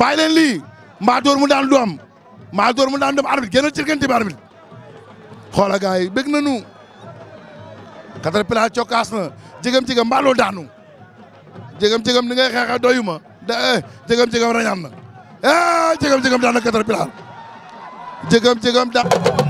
bàyyi leen lii mbaa dóor mu daan du am mbaa dóor mu daan du am arbitre génn ci diggante bi arbitre xoola gars yi bëgg nañu Caterpillar cokkaas na jegam jegam mbaa loolu daanu jegam jegam ni ngay xeexa da eh jegam jegam rañaan na eh jegam jegam daan na Caterpillar jegam jegam da